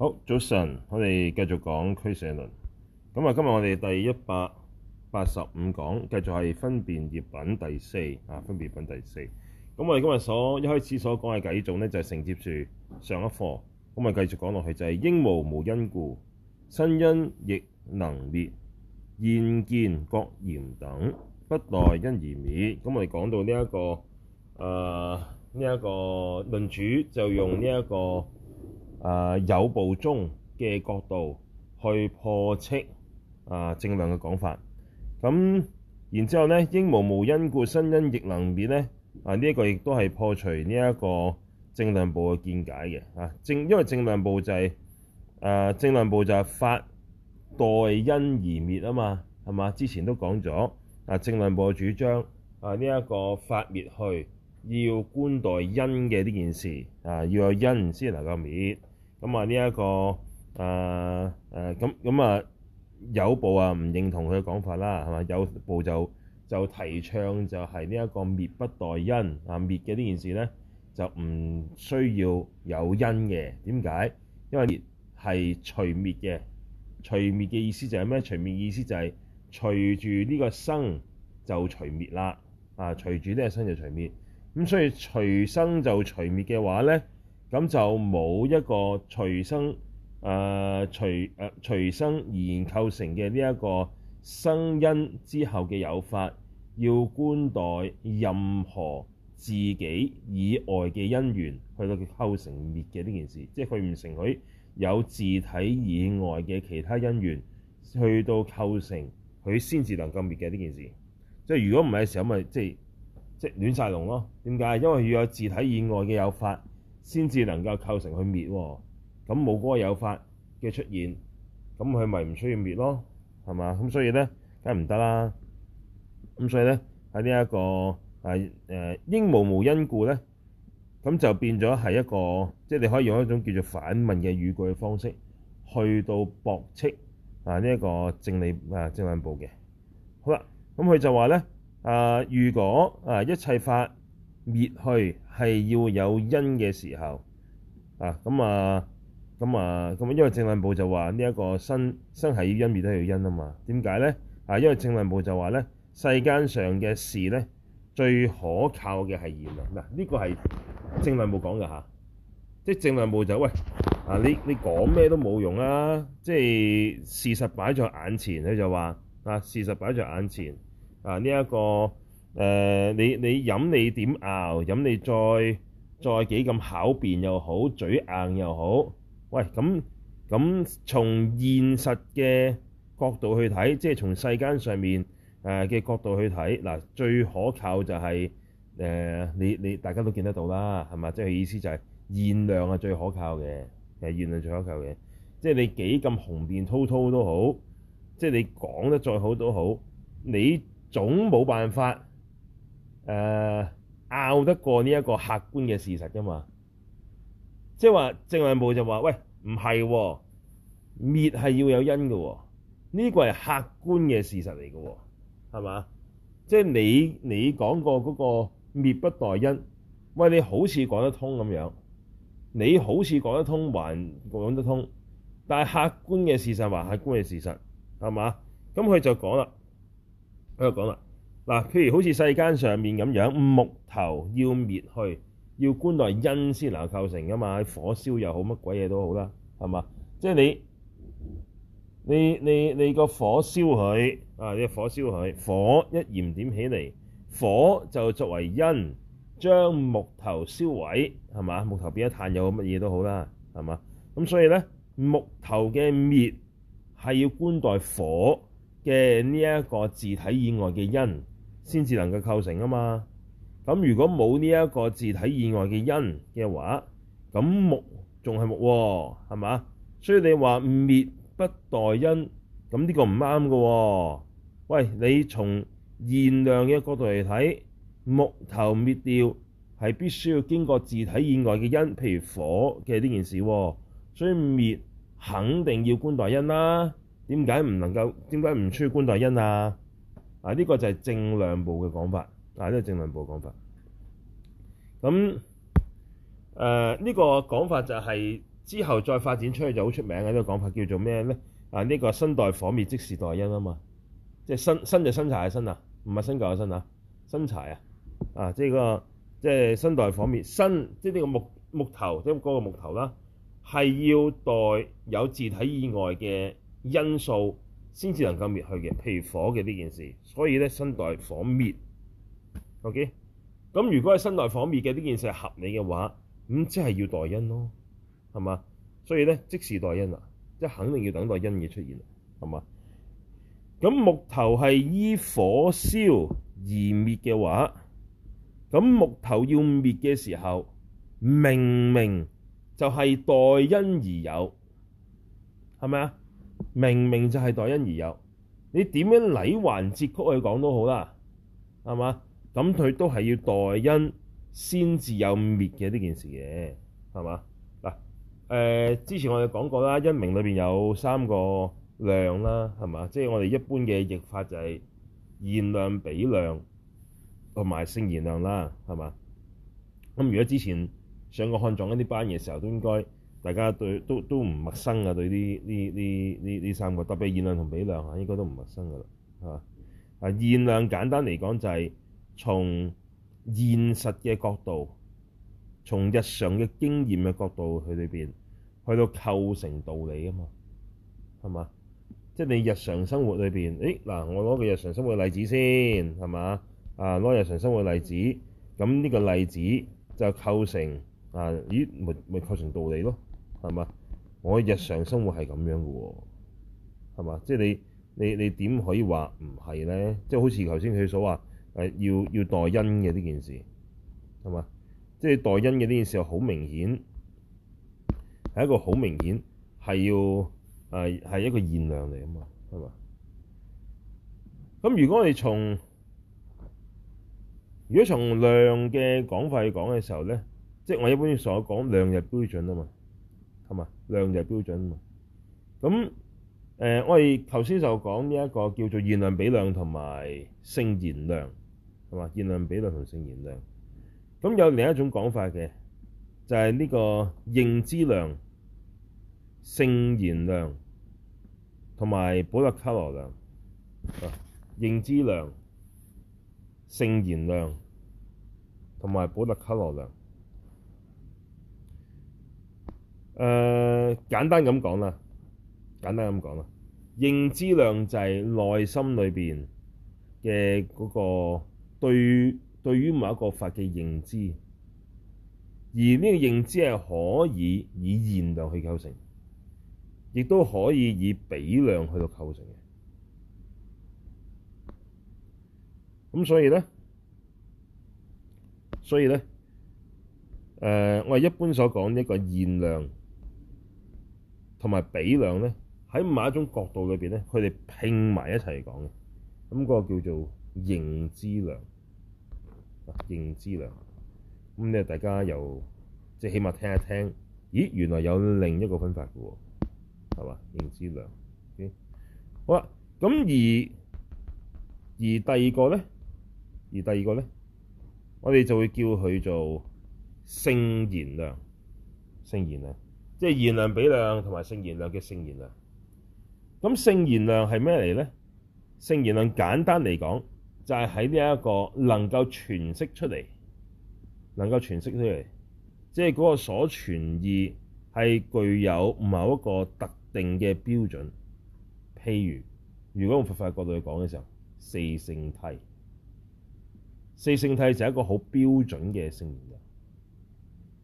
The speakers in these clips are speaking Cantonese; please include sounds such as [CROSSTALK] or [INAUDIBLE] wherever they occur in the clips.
好，早晨，我哋繼續講俱舍論。咁啊，今日我哋第一百八十五講，繼續係分別業品第四啊，分別業品第四。咁我哋今日所一開始所講嘅呢種咧，就是，承接住上一課，咁，啊，繼續講落去就係、是、應無無因故，生因亦能滅，現見覺焰等，不待因而滅。咁我哋講到呢、這、一個誒、呢、呃、一、這個論主就用呢、這、一個。啊有部中嘅角度去破斥啊正量嘅講法，咁、啊、然之後咧應無無因故，生因亦能滅咧啊呢一、這個亦都係破除呢一個正量部嘅見解嘅，啊正因為正量部就係、是、啊正量部就係法待因而滅啊嘛，係嘛，之前都講咗啊正量部嘅主張，啊呢一、這個法滅去要觀待因嘅呢件事，啊要有因先能夠滅。咁、這個呃呃呃呃、啊，呢一個誒誒，咁咁啊，有部啊唔認同佢嘅講法啦，係嘛？有部就就提倡就係呢一個滅不待因啊，滅嘅呢件事咧就唔需要有因嘅。點解？因為滅係隨滅嘅，隨滅嘅意思就係咩？隨滅意思就係、是、隨住呢個生就隨滅啦。啊，隨住呢個生就隨滅。咁所以隨生就隨滅嘅話咧。咁就冇一個隨生誒、呃、隨誒、呃、隨生而構成嘅呢一個生因之後嘅有法，要觀待任何自己以外嘅因緣去到佢構成滅嘅呢件事，即係佢唔承許有自體以外嘅其他因緣去到構成佢先至能夠滅嘅呢件事。即係如果唔係嘅時候，咪即係即係亂晒龍咯。點解？因為要有自體以外嘅有法，先至能夠構成去滅喎、哦，咁冇嗰有法嘅出現，咁佢咪唔需要滅咯，係嘛？咁所以咧，梗係唔得啦。咁所以咧，喺呢一個係誒應無無因故咧，咁就變咗係一個，即、就、係、是、你可以用一種叫做反問嘅語句嘅方式，去到駁斥啊呢一、這個正理啊正量部嘅。好啦，咁佢就話咧，啊如果啊一切法滅去係要有因嘅時候啊，咁啊，咁啊，咁因為正量部就話呢一個生生係要因，滅都係要因啊嘛。點解咧？啊，因為正量部就話咧、這個啊，世間上嘅事咧，最可靠嘅係現量啊。嗱，呢個係正量部講嘅嚇，即係正量部就喂啊，你你講咩都冇用啊，即、就、係、是、事實擺在眼前，佢就話啊，事實擺在眼前啊，呢、這、一個。誒、uh, 你你飲你點熬，飲你再再幾咁巧辯又好嘴硬又好，喂咁咁從現實嘅角度去睇，即係從世間上面誒嘅角度去睇嗱，最可靠就係、是、誒、呃、你你大家都見得到啦，係嘛？即係意思就係現量係最可靠嘅，係現量最可靠嘅，即係你幾咁雄辯滔滔都好，即係你講得再好都好，你總冇辦法。誒，拗得、uh, 過呢一個客觀嘅事實噶嘛？即係話正量部就話喂，唔係滅係要有因噶，哦，呢個係客觀嘅事實嚟噶，哦，係嘛？即係你你講過嗰個滅不待因，喂你好似講得通咁樣，你好似講得通，得通還講得通，但係客觀嘅事實還客觀嘅事實，係嘛？咁佢就講啦，佢就講啦。嗱，譬如好似世間上面咁樣，木頭要滅去，要觀待因先能夠構成噶嘛？火燒又好，乜鬼嘢都好啦，係嘛？即係你，你你你個火燒佢，啊，你火燒佢，火一燃點起嚟，火就作為因，將木頭燒毀，係嘛？木頭變一炭又乜嘢都好啦，係嘛？咁所以咧，木頭嘅滅係要觀待火嘅呢一個自體以外嘅因。先至能夠構成啊嘛，咁如果冇呢一個自體以外嘅因嘅話，咁木仲係木喎、哦，係嘛？所以你話滅不待因，咁呢個唔啱嘅。喂，你從現量嘅角度嚟睇，木頭滅掉係必須要經過自體以外嘅因，譬如火嘅呢件事、哦。所以滅肯定要觀待因啦。點解唔能夠？點解唔出去觀待因啊？啊！呢、這個就係正量部嘅講法，啊，呢、這個正量部講法。咁誒呢個講法就係、是、之後再發展出去就好出名嘅呢、這個講法，叫做咩咧？啊，呢、這個薪待火滅即是待因啊嘛，即係薪，薪就薪柴嘅薪啊，唔係新教嘅薪啊，薪柴啊，啊，即係嗰、啊這個即係薪待火滅，薪，即係呢個木木頭，即係嗰個木頭啦，係要待有自體以外嘅因素。先至能夠滅去嘅，譬如火嘅呢件事，所以咧薪待火滅，OK？咁如果係薪待火滅嘅呢件事係合你嘅話，咁即係要待因咯，係嘛？所以咧，即是待因啦，即係肯定要等待因嘢出現啦，係嘛？咁木頭係依火燒而滅嘅話，咁木頭要滅嘅時候，明明就係待因而有，係咪啊？明明就係待因而有，你點樣禮還節曲去講都好啦，係嘛？咁佢都係要待因先至有滅嘅呢件事嘅，係嘛？嗱、呃，誒之前我哋講過啦，因明裏邊有三個量啦，係嘛？即係我哋一般嘅譯法就係現量、比量同埋聖言量啦，係嘛？咁、嗯、如果之前上過漢藏一啲班嘅時候都應該。大家對都都唔陌生嘅，對呢啲啲啲啲三個，特別是現量同比量嚇，應該都唔陌生㗎啦，係嘛啊？現量簡單嚟講就係從現實嘅角度，從日常嘅經驗嘅角度去裏邊去到構成道理啊嘛，係嘛？即係你日常生活裏邊，誒嗱，我攞個日常生活例子先，係嘛啊？攞日常生活例子，咁呢個例子就構成啊，咦，咪咪構成道理咯？係嘛？我日常生活係咁樣嘅喎，係嘛？即係你你你點可以話唔係咧？即係好似頭先佢所話誒、呃，要要待因嘅呢件事係嘛？即係待因嘅呢件事，好明顯係一個好明顯係要誒係、呃、一個現量嚟啊嘛，係嘛？咁如果你哋從如果從量嘅講法去講嘅時候咧，即係我一般所講量日標準啊嘛。量就係標準嘛。咁誒、呃，我哋頭先就講呢一個叫做現量比量同埋聖言量，係嘛？現量比量同聖言量。咁有另一種講法嘅，就係、是、呢個認知量、聖言量同埋補特伽羅量、啊。認知量、聖言量同埋補特伽羅量。誒、uh, 簡單咁講啦，簡單咁講啦，認知量就係內心裏邊嘅嗰個對於對於某一個法嘅認知，而呢個認知係可以以現量去構成，亦都可以以比量去到構成嘅。咁所以咧，所以咧，誒、uh, 我係一般所講呢個現量，同埋比量咧，喺某一種角度裏邊咧，佢哋拼埋一齊講嘅，咁、那、嗰個叫做認知量，啊，認知量。咁咧大家又即係起碼聽一聽，咦，原來有另一個分法㗎喎，係嘛？認知量。Okay? 好啦，咁而而第二個咧，而第二個咧，我哋就會叫佢做聖言量，聖言量。即係現量、比量同埋聖言量嘅聖言量。咁聖言量係咩嚟咧？聖言量簡單嚟講，就係喺呢一個能夠詮釋出嚟，能夠詮釋出嚟，即係嗰個所傳意係具有某一個特定嘅標準。譬如，如果用佛法角度去講嘅時候，四聖諦，四聖諦就係一個好標準嘅聖言量。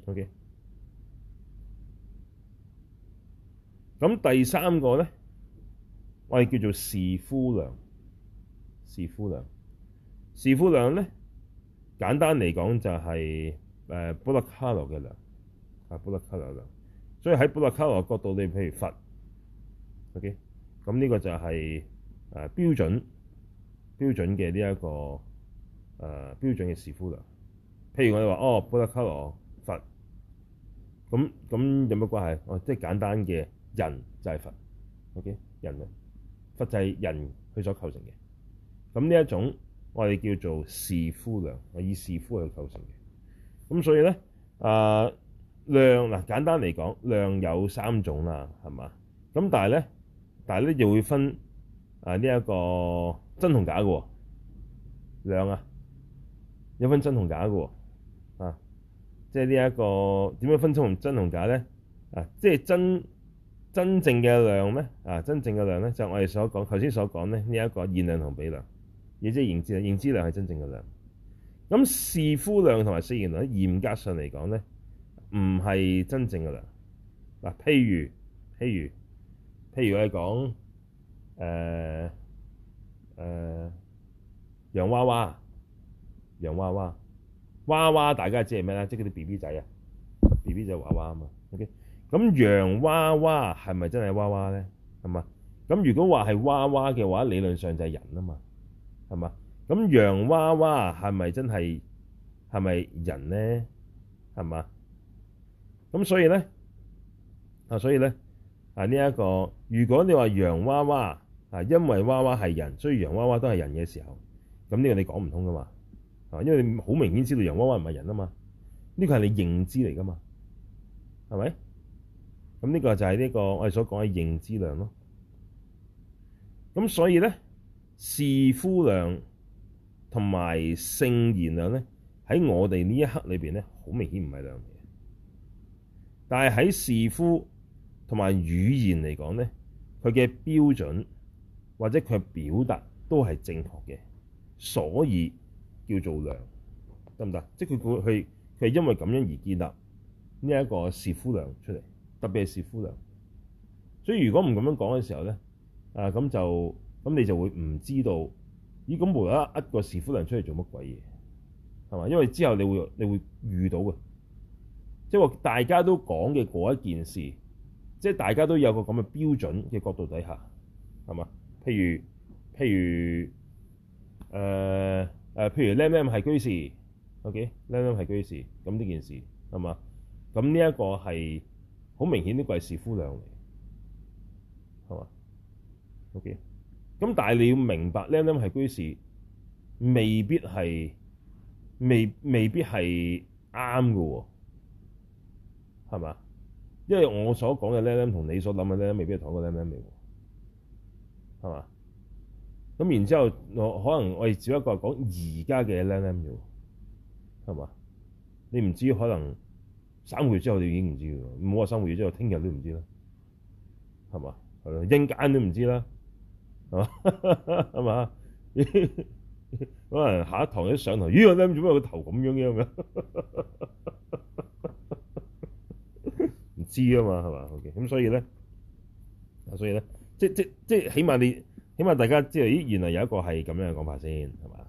O.K. 咁第三個咧，我哋叫做視夫量、視夫量，視夫量咧，簡單嚟講就係誒補特伽羅嘅量啊，補特伽羅量。所以喺補特伽羅角度，你譬如佛，OK，咁呢個就係、是、誒、呃、標準，標準嘅呢一個誒、呃、標準嘅士夫量。譬如我哋話哦，補特伽羅佛咁咁有乜關係？哦，即係簡單嘅。人就係佛，OK？人類佛就係人佢所構成嘅。咁呢一種我哋叫做士夫量，以士夫去構成嘅。咁所以咧，誒、呃、量嗱簡單嚟講，量有三種啦，係嘛？咁但係咧，但係咧又會分誒呢一個真同假嘅喎。量啊，有分真同假嘅喎。啊，即係呢一個點樣分清同真同假咧？啊，即係真。真正嘅量咧，啊，真正嘅量咧，就是、我哋所講，頭先所講咧，呢一個現量同比量，亦即係認知量，認知量係真正嘅量。咁士夫量同埋聖言量，嚴格上嚟講咧，唔係真正嘅量。嗱、啊，譬如譬如譬如我哋講誒誒洋娃娃，洋娃娃娃娃，娃娃大家知係咩咧？即係嗰啲 B B 仔啊，B B 仔娃娃啊嘛，OK。咁洋娃娃係咪真係娃娃咧？係嘛？咁如果話係娃娃嘅話，理論上就係人啊嘛，係嘛？咁洋娃娃係咪真係係咪人咧？係嘛？咁所以咧啊，所以咧啊呢一個，如果你話洋娃娃啊，因為娃娃係人，所以洋娃娃都係人嘅時候，咁呢個你講唔通噶嘛？係嘛？啊，因為你好明顯知道洋娃娃唔係人啊嘛，呢個係你認知嚟噶嘛，係咪？咁呢個就係呢個我哋所講嘅認知量咯。咁所以咧，士夫量同埋聖言量咧，喺我哋呢一刻裏邊咧，好明顯唔係量嚟嘅。但係喺士夫同埋語言嚟講咧，佢嘅標準或者佢嘅表達都係正確嘅，所以叫做量得唔得？即係佢佢佢係因為咁樣而建立呢一個士夫量出嚟。特別係士夫量，所以如果唔咁樣講嘅時候咧，誒咁就咁，你就會唔知道咦？咁無啦啦一個士夫量出嚟做乜鬼嘢係嘛？因為之後你會你會遇到嘅，即係話大家都講嘅嗰一件事，即係大家都有個咁嘅標準嘅角度底下係嘛？譬如譬如誒誒，譬如靚靚係居士，ok 靚靚係居士，咁呢件事係嘛？咁呢一個係。好明顯呢個係士夫量嚟，係嘛？OK，咁但係你要明白，靚靚係居士，未必係，未未必係啱嘅喎，係嘛？因為我所講嘅靚靚同你所諗嘅靚靚未必係同一個靚靚嚟喎，係嘛？咁然之後，我可能我哋只不過係講而家嘅靚靚啫喎，係嘛？你唔知可能。三個月之後你就已經唔知嘅，唔好話三個月之後，聽日都唔知啦，係嘛？係咯，一間都唔知啦，係嘛？係嘛？可能下一堂一上堂，咦、哎？我諗點咩個頭咁樣樣、啊、嘅？唔 [LAUGHS] 知啊嘛，係嘛？好嘅，咁所以咧，所以咧，即即即起碼你起碼大家知道，咦？原來有一個係咁樣嘅講法先，係嘛？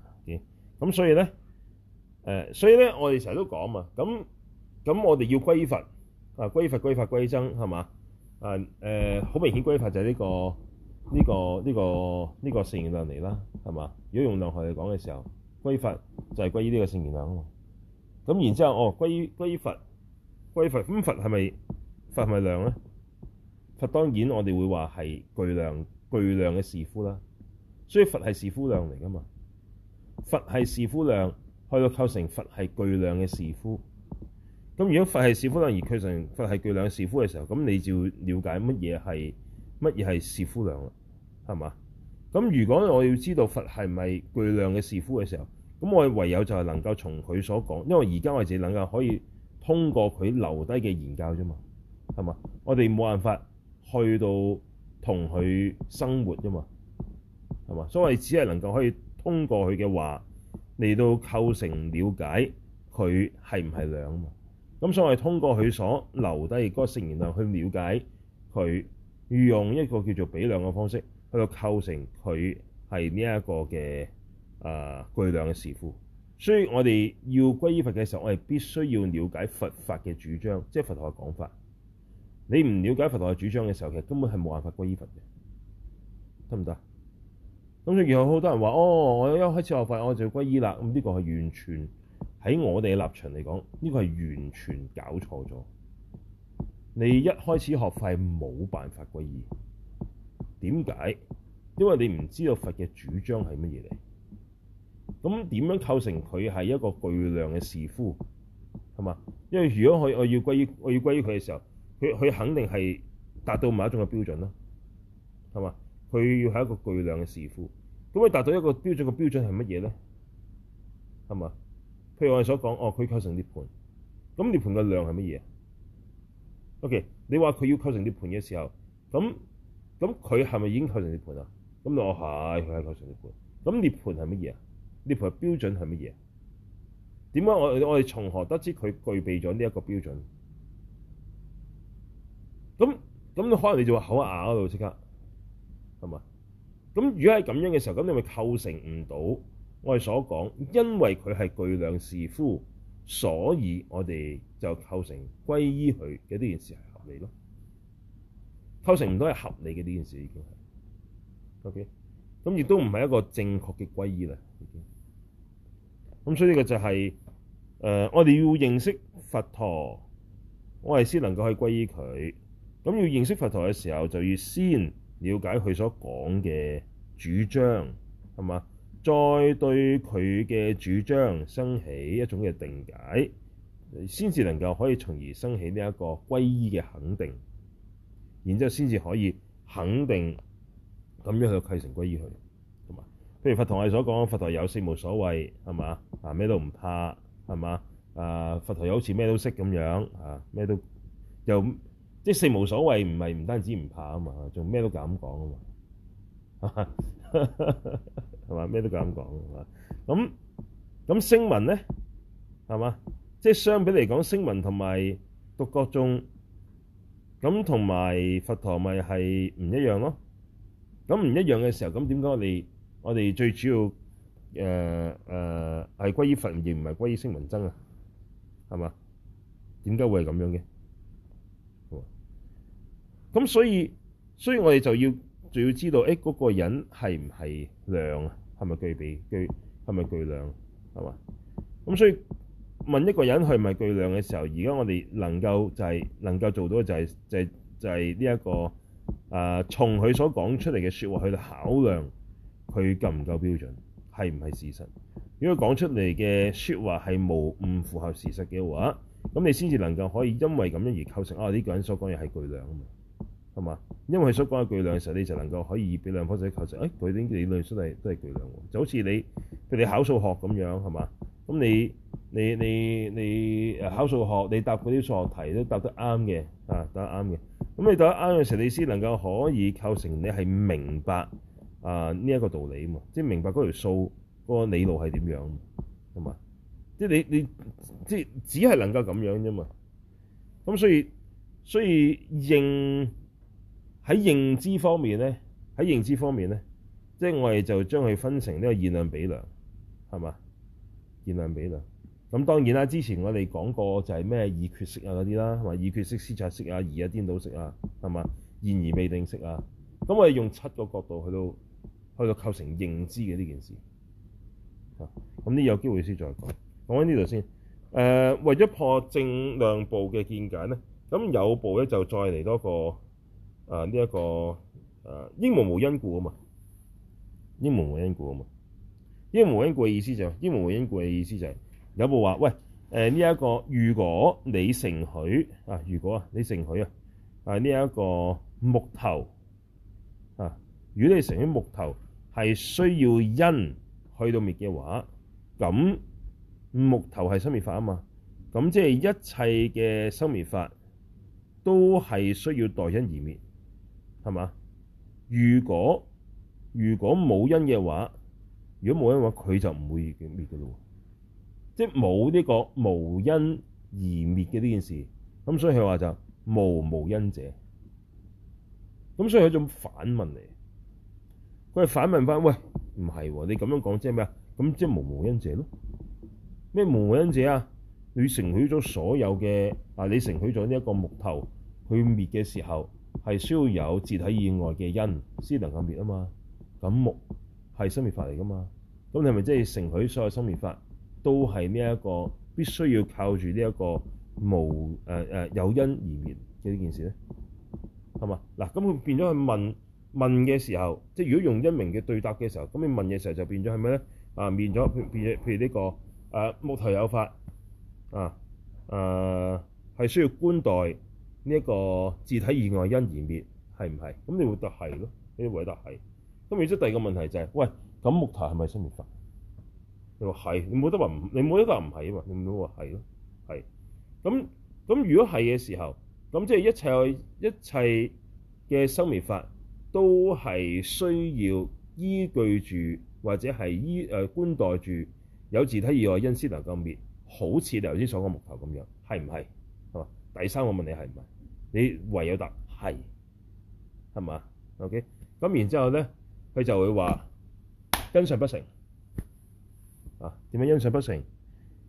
咁、okay, 所以咧，誒、呃，所以咧，我哋成日都講嘛，咁。咁我哋要歸佛啊，歸佛歸法歸僧係嘛？誒誒，好，啊呃，明顯歸佛就係呢個呢個呢個呢個聖言量嚟啦，係嘛？如果用量學嚟講嘅時候，歸佛就係歸於呢個聖言量啊嘛。咁然之後哦，歸歸佛歸佛，咁佛係咪佛係咪量咧？佛當然我哋會話係巨量巨量嘅士夫啦，所以佛係士夫量嚟㗎嘛。佛係士夫量，去到構成佛係巨量嘅士夫。咁如果佛係士夫量，而佢成佛係具量士夫嘅時候，咁你就了解乜嘢係乜嘢係士夫量啦，係嘛？咁如果我要知道佛係咪具量嘅士夫嘅時候，咁我唯有就係能夠從佢所講，因為而家我哋能夠可以通過佢留低嘅言教啫嘛，係嘛？我哋冇辦法去到同佢生活啫嘛，係嘛？所以只係能夠可以通過佢嘅話，嚟到構成了解佢係唔係量。咁所以我哋通過佢所留低嗰個聖言量，去了解佢，用一個叫做比量嘅方式去到構成佢係呢一個嘅啊、呃、巨量嘅士夫，所以我哋要歸依佛嘅時候，我哋必須要了解佛法嘅主張，即係佛陀嘅講法。你唔了解佛陀嘅主張嘅時候，其實根本係冇辦法歸依佛嘅，得唔得？咁然後有好多人話：哦，我一開始學佛，我就要歸依啦。咁呢個係完全。喺我哋嘅立場嚟講，呢個係完全搞錯咗。你一開始學法係冇辦法歸依，點解？因為你唔知道佛嘅主張係乜嘢嚟。咁點樣構成佢係一個巨量嘅士夫？係嘛？因為如果我要我要歸於我要歸於佢嘅時候，佢，佢肯定係達到某一種嘅標準啦，係嘛？佢要係一個巨量嘅士夫，咁佢達到一個標準嘅標準係乜嘢咧？係嘛？譬如我哋所講，哦，佢構成涅盤，咁涅盤嘅量係乜嘢？OK，你話佢要構成涅盤嘅時候，咁咁佢係咪已經構成涅盤啊？咁我係，佢、哎、係構成涅盤。咁涅盤係乜嘢啊？涅、這、盤、個、標準係乜嘢？點解我我哋從何得知佢具備咗呢一個標準？咁咁，你可能你就話口咬嗰度即刻係嘛？咁、嗯、如果係咁樣嘅時候，咁你咪構成唔到。我哋所講，因為佢係具量士夫，所以我哋就構成皈依佢嘅呢件事係合理咯。構成都係合理嘅呢件事已經係，OK，咁亦都唔係一個正確嘅皈依啦。已經咁，所以呢個就係、是、誒、呃，我哋要認識佛陀，我哋先能夠去皈依佢。咁要認識佛陀嘅時候，就要先了解佢所講嘅主張，係嘛？再對佢嘅主張生起一種嘅定解，先至能夠可以從而生起呢一個歸依嘅肯定，然之後先至可以肯定咁樣去繼承歸依去，同埋譬如佛陀係所講，佛陀有四無所畏，係嘛？啊咩都唔怕，係嘛？啊佛陀又好似咩都識咁樣啊咩都又即係四無所畏，唔係唔單止唔怕啊嘛，仲咩都敢講啊嘛。啊係嘛？咩 [LAUGHS] 都咁講，係嘛？咁咁聲聞咧，係嘛？即係相比嚟講，聲聞同埋獨覺眾，咁同埋佛陀咪係唔一樣咯？咁唔一樣嘅時候，咁點解我哋我哋最主要誒誒係歸依佛，而唔係歸依聲聞僧啊？係嘛？點解會係咁樣嘅？咁所以，所以我哋就要。仲要知道，誒嗰個人係唔係量啊？係咪具備？係咪具量啊？係嘛？咁所以問一個人係咪具量嘅時候，而家我哋能夠就係、是、能夠做到嘅就係、是、就係、是、就係呢一個啊、呃，從佢所講出嚟嘅説話去考量佢夠唔夠標準，係唔係事實？如果講出嚟嘅説話係冇唔符合事實嘅話，咁你先至能夠可以因為咁樣而構成啊呢、這個人所講嘢係具量啊嘛。係嘛？因為佢所講嘅巨量嘅時候，你就能夠可以俾兩顆仔構成。誒、哎，佢啲理論出嚟都係巨量，就好似你譬如你考數學咁樣，係嘛？咁你你你你誒考數學，你答嗰啲數學題都答得啱嘅，啊答得啱嘅。咁你答得啱嘅時候，你先能夠可以構成你係明白啊呢一、這個道理啊嘛，即係明白嗰條數嗰、那個理路係點樣，係嘛？即係你你即係只係能夠咁樣啫嘛。咁所以所以應喺認知方面咧，喺認知方面咧，即係我哋就將佢分成呢個現量比量，係嘛？現量比量，咁當然啦，之前我哋講過就係咩已決識啊嗰啲啦，同埋已決識伺察識啊，疑啊顛倒識啊，係嘛？現而未定識啊，咁我哋用七個角度去到去到構成認知嘅呢件事嚇，咁呢有機會先再講，講翻呢度先。誒、呃，為咗破正量部嘅見解咧，咁有部咧就再嚟多個。啊！呢、這、一個啊，應無無因故啊嘛，應無無因故啊嘛，應無無因故嘅意思就係、是，應無無因故嘅意思就係、是、有部話，喂，誒呢一個，如果你承許啊，如果啊，你承許啊，啊呢一個木頭啊，如果你承許木頭係需要因去到滅嘅話，咁木頭係生滅法啊嘛，咁即係一切嘅生滅法都係需要待因而滅。係嘛？如果如果冇因嘅話，如果冇因嘅話，佢就唔會滅嘅㗎咯。即係冇呢個無因而滅嘅呢件事。咁所以佢話就無無因者。咁所以佢仲反問嚟。佢係反問翻：喂，唔係喎！你咁樣講即係咩啊？咁即係無無因者咯。咩無無因者啊？你承許咗所有嘅啊！你承許咗呢一個木頭去滅嘅時候。係需要有自體以外嘅因先能夠滅啊嘛，咁木係生滅法嚟噶嘛，咁你係咪即係承許所有生滅法都係呢一個必須要靠住呢一個無誒誒、呃呃、有因而滅嘅呢件事咧？係嘛？嗱，咁佢變咗去問問嘅時候，即係如果用因明嘅對答嘅時候，咁你問嘅時候就變咗係咩咧？啊，滅咗，變變譬如呢、這個誒、呃、木頭有法啊誒係、呃、需要觀待。呢個自體以外因而滅係唔係？咁你會得係咯，你會得係。咁然之後第二個問題就係、是：喂，咁木頭係咪生滅法？你話係，你冇得話唔，你冇得話唔係啊嘛，你唔咪話係咯，係。咁咁如果係嘅時候，咁即係一切一切嘅生滅法都係需要依據住或者係依誒、呃、觀待住有自體以外因先能夠滅，好似你頭先所講木頭咁樣，係唔係？係嘛？第三個問題係唔係？你唯有答係，係嘛？OK，咁然之後咧，佢就會話因相不成啊？點樣因相不成？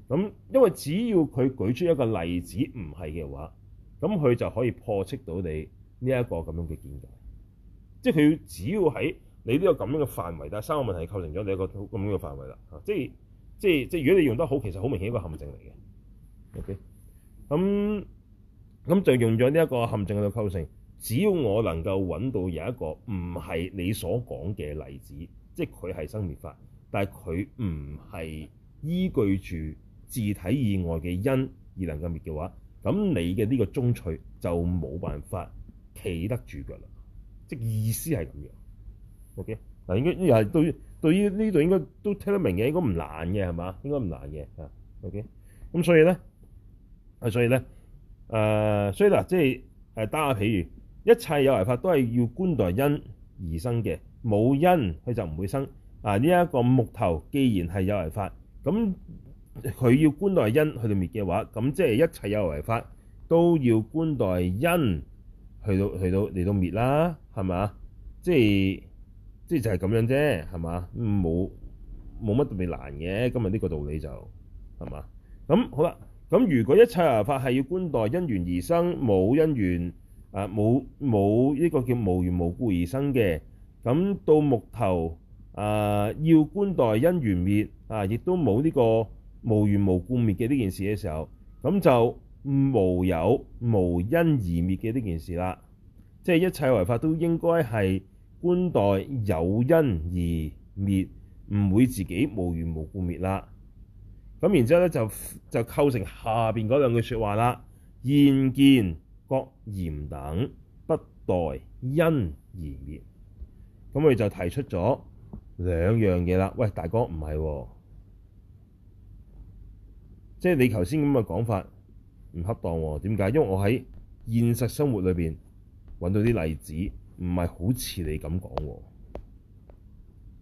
咁、啊、因為只要佢舉出一個例子唔係嘅話，咁佢就可以破斥到你呢一個咁樣嘅見解。即係佢只要喺你呢個咁樣嘅範圍，但係三個問題構成咗你一個咁樣嘅範圍啦、啊。即係即係即係，如果你用得好，其實好明顯一個陷阱嚟嘅。OK，咁、嗯。咁、嗯、就用咗呢一個陷阱喺度構成，只要我能夠揾到有一個唔係你所講嘅例子，即係佢係生滅法，但係佢唔係依據住自體以外嘅因而能夠滅嘅話，咁你嘅呢個宗趣就冇辦法企得住腳啦。即意思係咁樣，OK？嗱，應該又係對對於呢度應,應該都聽得明嘅，應該唔難嘅係嘛？應該唔難嘅啊，OK？咁所以咧，啊，okay? 所以咧。誒、呃，所以嗱，即係誒，打下譬如，一切有為法都係要觀待因而生嘅，冇因佢就唔會生。啊，呢、這、一個木頭既然係有為法，咁佢要觀待因去到滅嘅話，咁即係一切有為法都要觀待因去到去到嚟到、到、到滅啦，係咪？即係即係就係、是、咁樣啫，係嘛？冇冇乜特別難嘅，今日呢個道理就係嘛？咁好啦。咁如果一切為法係要觀待因緣而生，冇因緣，啊冇冇呢個叫無緣無故而生嘅，咁到木頭，啊要觀待因緣滅，啊亦都冇呢個無緣無故滅嘅呢件事嘅時候，咁就無有無因而滅嘅呢件事啦，即係一切為法都應該係觀待有因而滅，唔會自己無緣無故滅啦。咁然之後咧，就就構成下邊嗰兩句說話啦。現見覺焰等，不待因而滅。咁佢就提出咗兩樣嘢啦。喂，大哥唔係喎，即係你頭先咁嘅講法唔恰當喎、哦。點解？因為我喺現實生活裏邊揾到啲例子，唔係好似你咁講喎，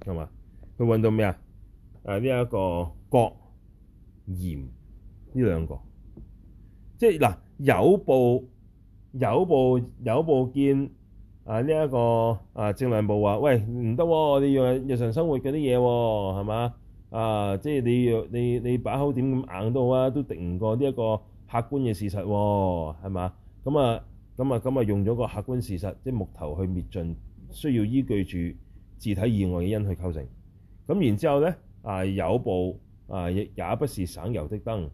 係嘛？佢揾到咩啊？誒呢一個覺。嚴呢兩個，即係嗱有部有部有部見啊呢一、這個啊正量部話喂唔得、哦，你用日常生活嗰啲嘢係嘛啊，即係你用你你把口點咁硬到啊，都敵唔過呢一個客觀嘅事實係、哦、嘛？咁啊咁啊咁啊用咗個客觀事實，即係木頭去滅盡，需要依據住自體以外嘅因去構成。咁然之後咧啊有部。啊！亦也不是省油的燈。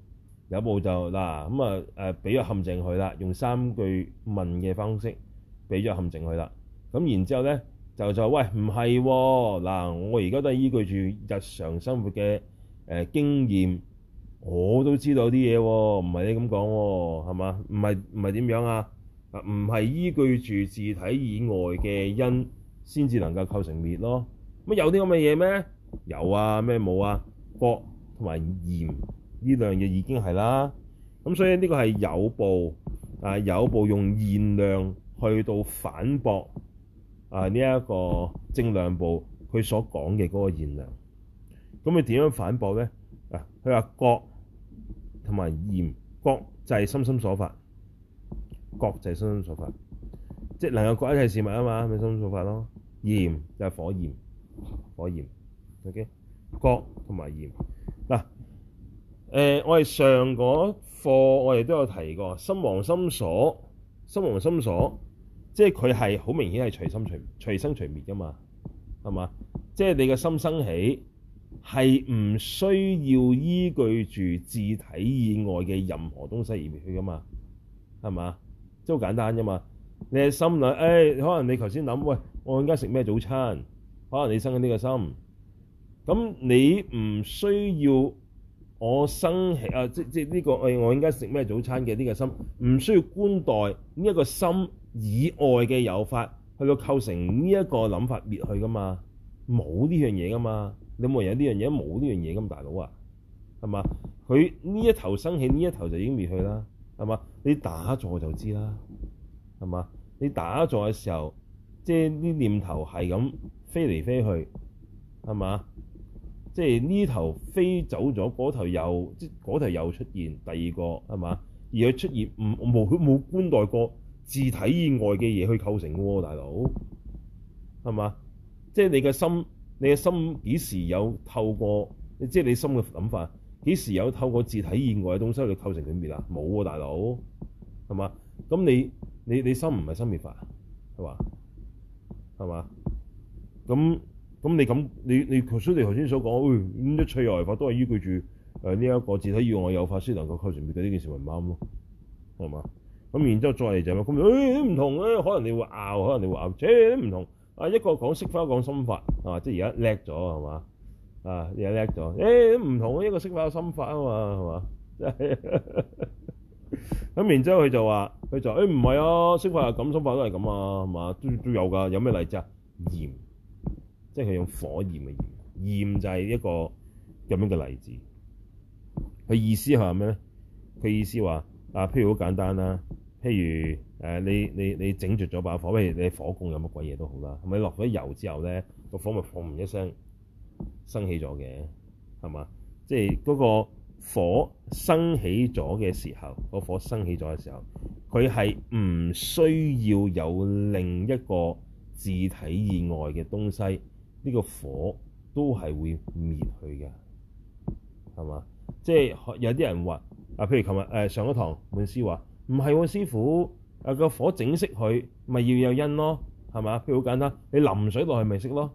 有部就嗱咁啊，誒俾咗陷阱佢啦，用三句問嘅方式俾咗陷阱佢啦。咁、嗯、然之後咧就就喂唔係嗱，我而家都係依據住日常生活嘅誒、呃、經驗，我都知道啲嘢喎，唔係你咁講喎，係嘛？唔係唔係點樣啊？啊，唔係依據住自體以外嘅因先至能夠構成滅咯？乜、嗯、有啲咁嘅嘢咩？有啊，咩冇啊？博。同埋焰呢兩嘢已經係啦，咁所以呢個係有部啊，有部用現量去到反駁啊呢一個正量部佢所講嘅嗰個現量。咁佢點樣反駁咧？啊，佢話覺同埋焰，覺就係心心所法，覺就係心心所法，即係能夠覺一切事物啊嘛，咪心心所法咯。焰就係火焰，火焰 OK，覺同埋焰。誒、呃，我係上嗰課，我哋都有提過，心王心所，心王心所，即係佢係好明顯係隨心隨隨生隨滅噶嘛，係嘛？即係你嘅心生起係唔需要依據住自體以外嘅任何東西而去嘅嘛，係嘛？即係好簡單噶嘛。你喺心裏，誒、哎，可能你頭先諗，喂，我而家食咩早餐？可能你生緊呢個心，咁你唔需要。我生起啊，即即呢個，我我應該食咩早餐嘅呢個心，唔需要觀待呢一個心以外嘅有法去到構成呢一個諗法滅去噶嘛，冇呢樣嘢噶嘛，你冇人有呢樣嘢，冇呢樣嘢咁大佬啊，係嘛？佢呢一頭生起，呢一頭就已經滅去啦，係嘛？你打坐就知啦，係嘛？你打坐嘅時候，即啲念頭係咁飛嚟飛去，係嘛？即係呢頭飛走咗，嗰頭又即係嗰頭又出現第二個係嘛？而佢出現唔冇佢冇觀待過自體以外嘅嘢，去構成嘅大佬係嘛？即係你嘅心，你嘅心幾時有透過？即係你心嘅諗法，幾時有透過自體以外嘅東西去構成佢滅啊？冇大佬係嘛？咁你你你心唔係生滅法係嘛？係嘛？咁。咁你咁你你頭先你頭先所講，喂，咁一切有為法都係依據住誒呢一個自體要我有法先能夠構成滅對呢件事咪唔啱咯？係嘛？咁然之後再嚟就係、是、咁，誒都唔同咧。可能你會拗，可能你會拗，切都唔同。啊，一個講色法，一個講心法，啊，即係而家叻咗係嘛？啊，而家叻咗，誒、哎、唔同一個色法有心法啊嘛，係嘛？咁 [LAUGHS] 然之後佢就話：佢就誒唔係啊，色法係咁，感心法都係咁啊，係嘛？都都有㗎，有咩例子？嚴。即係佢用火焰嘅焰，焰就係一個咁樣嘅例子。佢意思係咩咧？佢意思話啊，譬如好簡單啦，譬如誒、啊，你你你整住咗把火，譬如你火工有乜鬼嘢都好啦，係咪落咗油之後咧，火個火咪砰唔一聲升起咗嘅係嘛？即係嗰個火升起咗嘅時候，嗰個火升起咗嘅時候，佢係唔需要有另一個自體以外嘅東西。呢個火都係會滅去嘅，係嘛？即係有啲人話啊，譬如琴日誒上咗堂，老師話唔係喎，師傅啊個火整熄佢，咪要有因咯，係嘛？譬如好簡單，你淋水落去咪熄咯，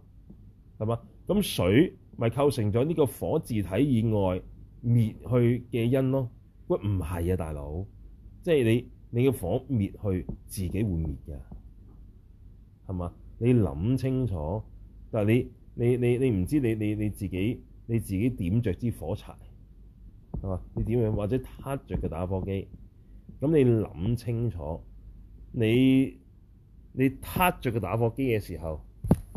係嘛？咁水咪構成咗呢個火自體以外滅去嘅因咯。喂，唔係啊，大佬，即係你你個火滅去自己會滅嘅，係嘛？你諗清楚。嗱，你你你你唔知你你你自己你自己點着支火柴，係嘛？你點樣？或者撻着嘅打火機。咁你諗清楚，你你撻着嘅打火機嘅時候，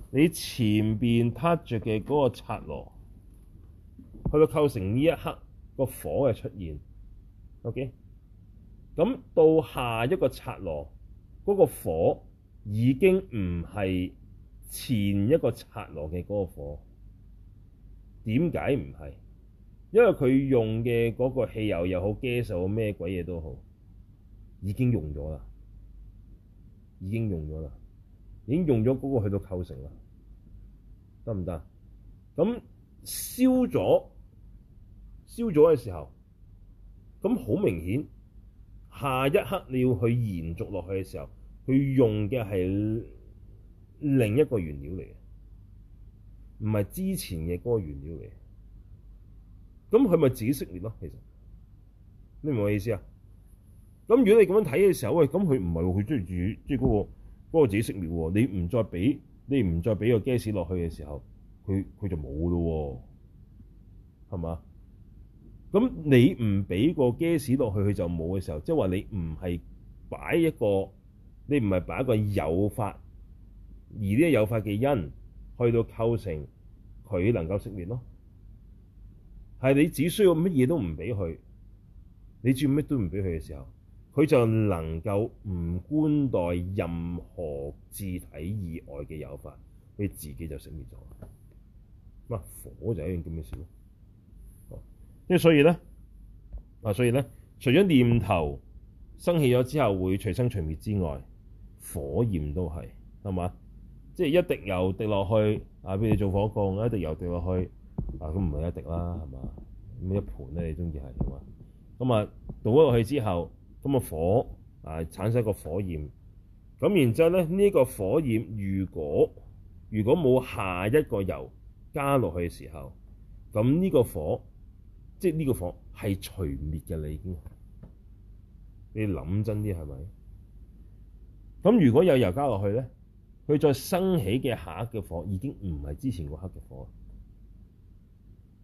你前邊撻着嘅嗰個刷螺，佢嘅構成呢一刻個火嘅出現。OK，咁到下一個刷螺，嗰個火已經唔係。前一個拆落嘅嗰個火，點解唔係？因為佢用嘅嗰個汽油又好，嘅數咩鬼嘢都好，已經用咗啦，已經用咗啦，已經用咗嗰個去到構成啦，得唔得？咁燒咗，燒咗嘅時候，咁好明顯，下一刻你要去延續落去嘅時候，佢用嘅係另一個原料嚟嘅，唔係之前嘅嗰個原料嚟。咁佢咪自己熄滅咯？其實，你明我意思啊？咁如果你咁樣睇嘅時候，喂，咁佢唔係佢，即係煮，即係嗰個嗰個自己熄滅喎。你唔再俾你唔再俾個 gas 落去嘅時候，佢佢就冇咯喎，係嘛？咁你唔俾個 gas 落去，佢就冇嘅時候，即係話你唔係擺一個你唔係擺一個有法。而呢個誘法嘅因去到構成佢能夠熄滅咯，係你只需要乜嘢都唔俾佢，你做乜都唔俾佢嘅時候，佢就能夠唔觀待任何自體以外嘅誘法。佢自己就熄滅咗。咁啊，火就一樣咁嘅事咯。因、啊、為所以咧，啊所以咧，除咗念頭生起咗之後會隨生隨滅之外，火焰都係，係嘛？即係一滴油滴落去，啊，譬如做火燭。一滴油滴落去，啊，咁唔係一滴啦，係嘛？咁一盤咧、啊，你中意係點啊？咁啊、嗯，倒咗落去之後，咁、那、啊、個、火，啊產生一個火焰，咁然之後咧，呢、這個火焰如果如果冇下一個油加落去嘅時候，咁呢個火，即係呢個火係隨滅嘅啦，已經。你諗真啲係咪？咁如果有油加落去咧？佢再生起嘅下一嘅火，已經唔係之前嗰刻嘅火。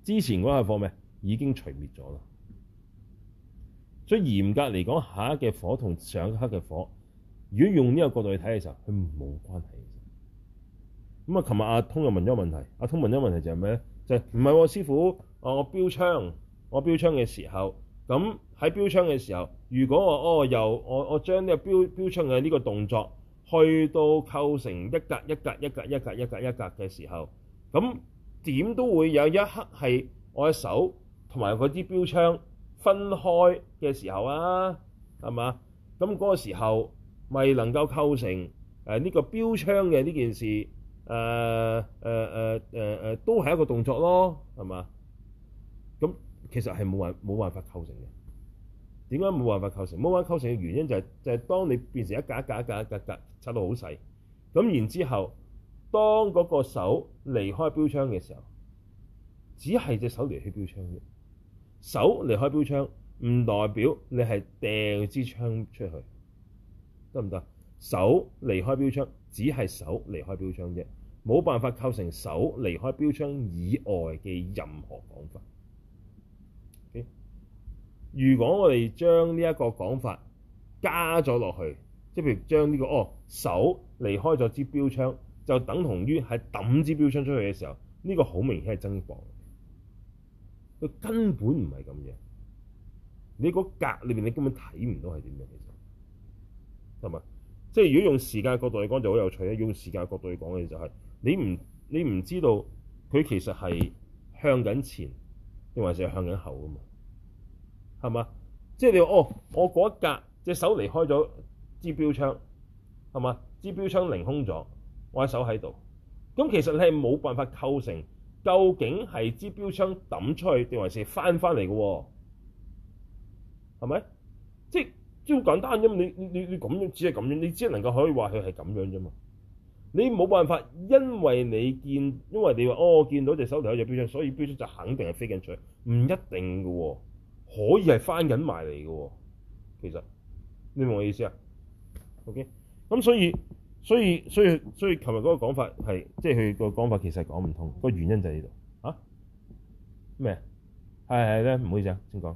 之前嗰刻嘅火咩？已經除滅咗啦。所以嚴格嚟講，下一嘅火同上一刻嘅火，如果用呢個角度去睇嘅時候，佢冇關係嘅。咁啊，琴日阿通又問咗個問題。阿通問咗個問題就係咩咧？就係唔係，哦，師傅，哦，我標槍，我標槍嘅時候，咁喺標槍嘅時候，如果我哦由我又我，我將呢個標標槍嘅呢個動作。去到構成一格一格一格一格一格一格嘅時候，咁點都會有一刻係我嘅手同埋嗰啲標槍分開嘅時候啊，係嘛？咁嗰個時候咪能夠構成誒呢個標槍嘅呢件事誒誒誒誒誒都係一個動作咯，係嘛？咁其實係冇辦冇辦法構成嘅。點解冇辦法構成？冇辦法構成嘅原因就係就係當你變成一格一格一格格格拆到好細，咁然之後，當嗰個手離開標槍嘅時候，只係隻手離開標槍啫。手離開標槍唔代表你係掟支槍出去，得唔得？手離開標槍，只係手離開標槍啫，冇辦法構成手離開標槍以外嘅任何講法。如果我哋將呢一個講法加咗落去，即係譬如將呢、這個哦手離開咗支標槍，就等同於係揼支標槍出去嘅時候，呢、這個好明顯係增磅。佢根本唔係咁嘅。你個格裏面，你根本睇唔到係點嘅，其實係咪？即係如果用時間角度嚟講，就好有趣啦。用時間角度嚟講嘅就係、是、你唔你唔知道佢其實係向緊前，定還是向緊後啊嘛？係嘛？即係你話哦，我嗰一格隻手離開咗支標槍，係嘛？支標槍凌空咗，我隻手喺度。咁其實你係冇辦法構成究竟係支標槍抌出去定還是翻翻嚟嘅？係咪？即係即好簡單啫嘛！你你你咁樣只係咁樣，你只能夠可以話佢係咁樣啫嘛。你冇辦法，因為你見，因為你話哦，我見到隻手離開隻標槍，所以標槍就肯定係飛緊出去，唔一定嘅喎。可以係翻緊埋嚟嘅喎，其實你明我意思啊？OK，咁所以所以所以所以，琴日嗰個講法係，即係佢個講法其實係講唔通，個原因就係呢度，吓？咩？係係咧，唔好意思啊，請講。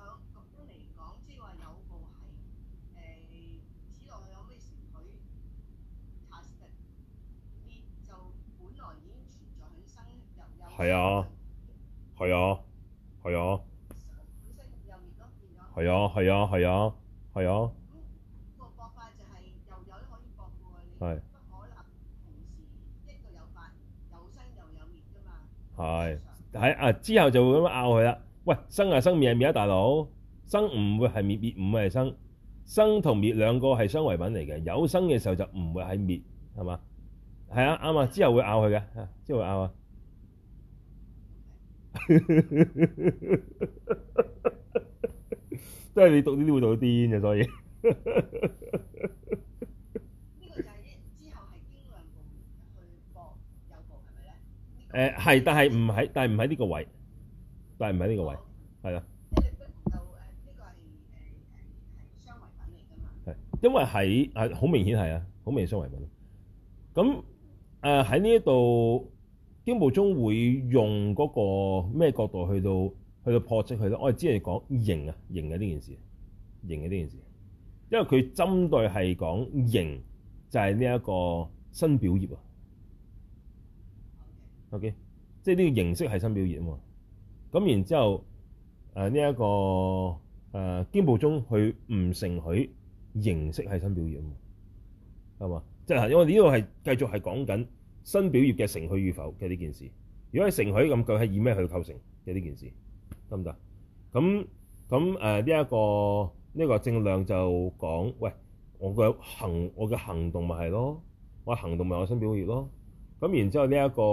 係啊，係啊，係啊，係啊，係啊，係啊，係啊，係啊。個博法就係又有可以博嘅喎，不可能同時一個有法有生又有滅㗎嘛。係，係啊，之後就會咁樣拗佢啦。喂，生係生，滅係滅啊，大佬。生唔會係滅，滅唔會係生。生同滅兩個係相違品嚟嘅。有生嘅時候就唔會係滅，係嘛？係啊，啱啊。之後會拗佢嘅，之後會拗啊。.即係你讀呢啲會讀到癲嘅，所以呢個就係一，之後係經兩部去播有部係咪咧？誒，係，但係唔喺，但係唔喺呢個位，但係唔喺呢個位，係啦。即係都就誒呢個係誒誒係雙維品嚟噶嘛？係，因為喺係好明顯係啊，好明顯雙維品。咁誒喺呢度。經部中會用嗰個咩角度去到去到破斥佢咧？我哋只係講形啊，形嘅呢件事，形嘅呢件事，因為佢針對係講形就係呢一個身表業啊。OK，即係呢個形式係身表業啊嘛。咁然之後誒呢一個誒經、呃、部中佢唔承許形式係身表業啊嘛，係嘛？即係因為呢個係繼續係講緊。新表業嘅成許與否嘅呢件事，如果係成許咁，佢係以咩去構成嘅呢件事，得唔得？咁咁誒呢一個呢、這個這個正量就講，喂，我嘅行我嘅行動咪係咯，我行動咪我,動我身表業咯。咁然之後呢、這、一個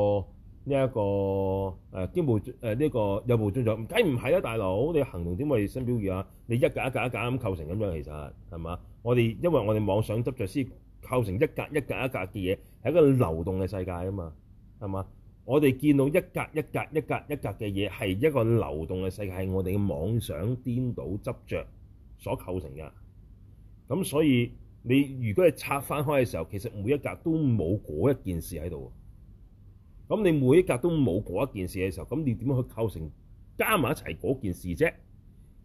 呢一、這個誒經、這個啊這個、部誒呢個有部尊長，唔係唔係啦，大佬你行動點會身表業啊？你一格一格一格咁構成咁樣其實係嘛？我哋因為我哋妄想執着。師。構成一格一格一格嘅嘢係一個流動嘅世界啊嘛，係嘛？我哋見到一格一格一格一格嘅嘢係一個流動嘅世界，係我哋嘅妄想顛倒執着所構成嘅。咁所以你如果係拆翻開嘅時候，其實每一格都冇嗰一件事喺度。咁你每一格都冇嗰一件事嘅時候，咁你點樣去構成加埋一齊嗰件事啫？